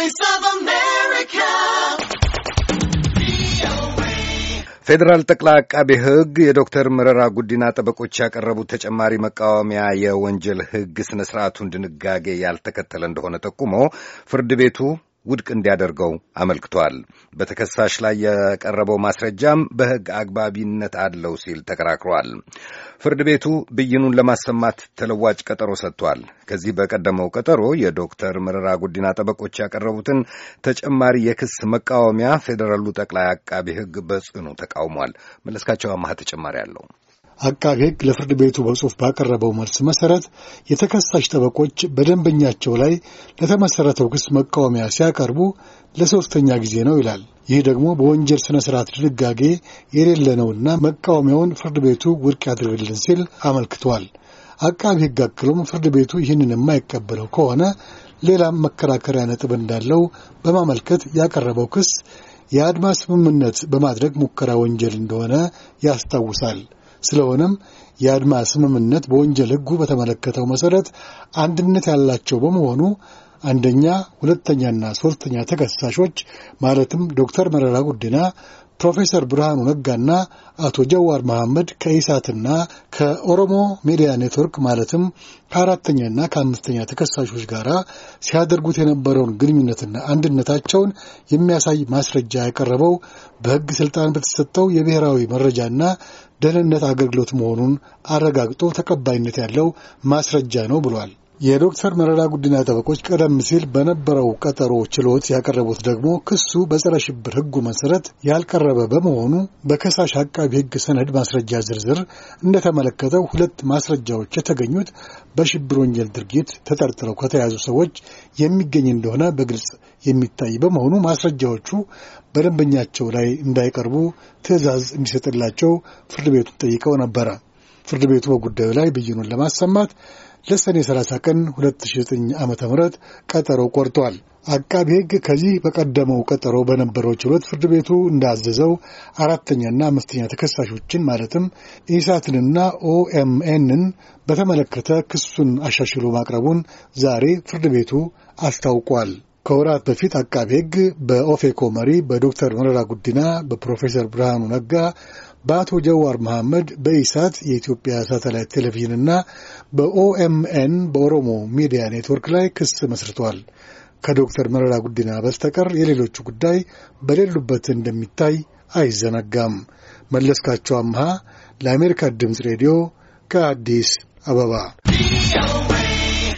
Voice of America. ፌዴራል ጠቅላይ አቃቤ ሕግ የዶክተር መረራ ጉዲና ጠበቆች ያቀረቡት ተጨማሪ መቃወሚያ የወንጀል ሕግ ስነ ስርዓቱን ድንጋጌ ያልተከተለ እንደሆነ ጠቁሞ ፍርድ ቤቱ ውድቅ እንዲያደርገው አመልክቷል። በተከሳሽ ላይ የቀረበው ማስረጃም በሕግ አግባቢነት አለው ሲል ተከራክሯል። ፍርድ ቤቱ ብይኑን ለማሰማት ተለዋጭ ቀጠሮ ሰጥቷል። ከዚህ በቀደመው ቀጠሮ የዶክተር መረራ ጉዲና ጠበቆች ያቀረቡትን ተጨማሪ የክስ መቃወሚያ ፌዴራሉ ጠቅላይ አቃቢ ሕግ በጽኑ ተቃውሟል። መለስካቸው አማሃ ተጨማሪ አለው። አቃቤ ሕግ ለፍርድ ቤቱ በጽሑፍ ባቀረበው መልስ መሠረት የተከሳሽ ጠበቆች በደንበኛቸው ላይ ለተመሠረተው ክስ መቃወሚያ ሲያቀርቡ ለሦስተኛ ጊዜ ነው ይላል። ይህ ደግሞ በወንጀል ሥነ ሥርዓት ድንጋጌ የሌለ ነውና መቃወሚያውን ፍርድ ቤቱ ውድቅ ያድርግልን ሲል አመልክቷል። አቃቢ ሕግ አክሎም ፍርድ ቤቱ ይህንን የማይቀበለው ከሆነ ሌላም መከራከሪያ ነጥብ እንዳለው በማመልከት ያቀረበው ክስ የአድማ ስምምነት በማድረግ ሙከራ ወንጀል እንደሆነ ያስታውሳል። ስለሆነም የአድማ ስምምነት በወንጀል ሕጉ በተመለከተው መሰረት አንድነት ያላቸው በመሆኑ አንደኛ፣ ሁለተኛና ሶስተኛ ተከሳሾች ማለትም ዶክተር መረራ ጉዲና፣ ፕሮፌሰር ብርሃኑ ነጋና አቶ ጀዋር መሐመድ ከኢሳትና ከኦሮሞ ሚዲያ ኔትወርክ ማለትም ከአራተኛና ከአምስተኛ ተከሳሾች ጋር ሲያደርጉት የነበረውን ግንኙነትና አንድነታቸውን የሚያሳይ ማስረጃ ያቀረበው በሕግ ስልጣን በተሰጠው የብሔራዊ መረጃና ደህንነት አገልግሎት መሆኑን አረጋግጦ ተቀባይነት ያለው ማስረጃ ነው ብሏል። የዶክተር መረራ ጉዲና ጠበቆች ቀደም ሲል በነበረው ቀጠሮ ችሎት ያቀረቡት ደግሞ ክሱ በጸረ ሽብር ሕጉ መሰረት ያልቀረበ በመሆኑ በከሳሽ አቃቢ ሕግ ሰነድ ማስረጃ ዝርዝር እንደተመለከተው ሁለት ማስረጃዎች የተገኙት በሽብር ወንጀል ድርጊት ተጠርጥረው ከተያዙ ሰዎች የሚገኝ እንደሆነ በግልጽ የሚታይ በመሆኑ ማስረጃዎቹ በደንበኛቸው ላይ እንዳይቀርቡ ትዕዛዝ እንዲሰጥላቸው ፍርድ ቤቱን ጠይቀው ነበረ። ፍርድ ቤቱ በጉዳዩ ላይ ብይኑን ለማሰማት ለሰኔ 30 ቀን 2009 ዓ ም ቀጠሮ ቆርጧል። አቃቢ ሕግ ከዚህ በቀደመው ቀጠሮ በነበረው ችሎት ፍርድ ቤቱ እንዳዘዘው አራተኛና አምስተኛ ተከሳሾችን ማለትም ኢሳትንና ኦኤምኤንን በተመለከተ ክሱን አሻሽሎ ማቅረቡን ዛሬ ፍርድ ቤቱ አስታውቋል። ከወራት በፊት አቃቢ ሕግ በኦፌኮ መሪ በዶክተር መረራ ጉዲና፣ በፕሮፌሰር ብርሃኑ ነጋ በአቶ ጀዋር መሐመድ በኢሳት የኢትዮጵያ ሳተላይት ቴሌቪዥንና በኦኤምኤን በኦሮሞ ሚዲያ ኔትወርክ ላይ ክስ መስርቷል። ከዶክተር መረራ ጉዲና በስተቀር የሌሎቹ ጉዳይ በሌሉበት እንደሚታይ አይዘነጋም። መለስካቸው አምሃ ለአሜሪካ ድምፅ ሬዲዮ ከአዲስ አበባ